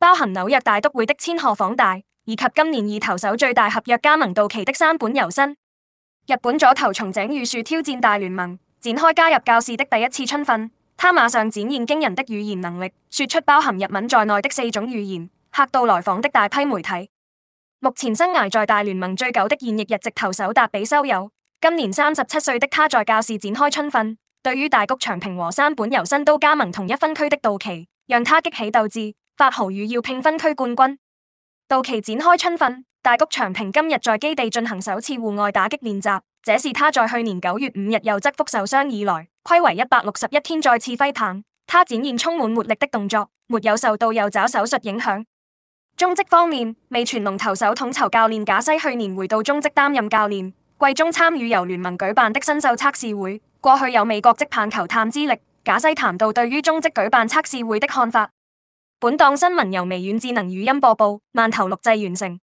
包含紐約大都會的千賀訪大，以及今年二投手最大合約加盟道奇的山本由伸，日本左投松井裕樹挑戰大聯盟展開加入教士的第一次春訓，他馬上展現驚人的語言能力，說出包含日文在內的四種語言，嚇到來訪的大批媒體。目前生涯在大聯盟最久的現役日籍投手達比修有，今年三十七歲的他在教士展開春訓，對於大谷翔平和山本由伸都加盟同一分區的道奇，讓他激起鬥志。發豪語要拼分區冠軍，道奇展開春訓，大谷翔平今日在基地進行首次戶外打擊練習，這是他在去年九月五日右側腹受傷以來，暌違一百六十一天再次揮棒，他展現充滿活力的動作，沒有受到右肘手術影響。中職方面，味全龍投手統籌教練賈西去年回到中職擔任教練，季中參與由聯盟舉辦的新秀測試會，過去有美國職棒球探之力，賈西談到對於中職舉辦測試會的看法。本檔新聞由微軟智能語音播報，萬頭錄製完成。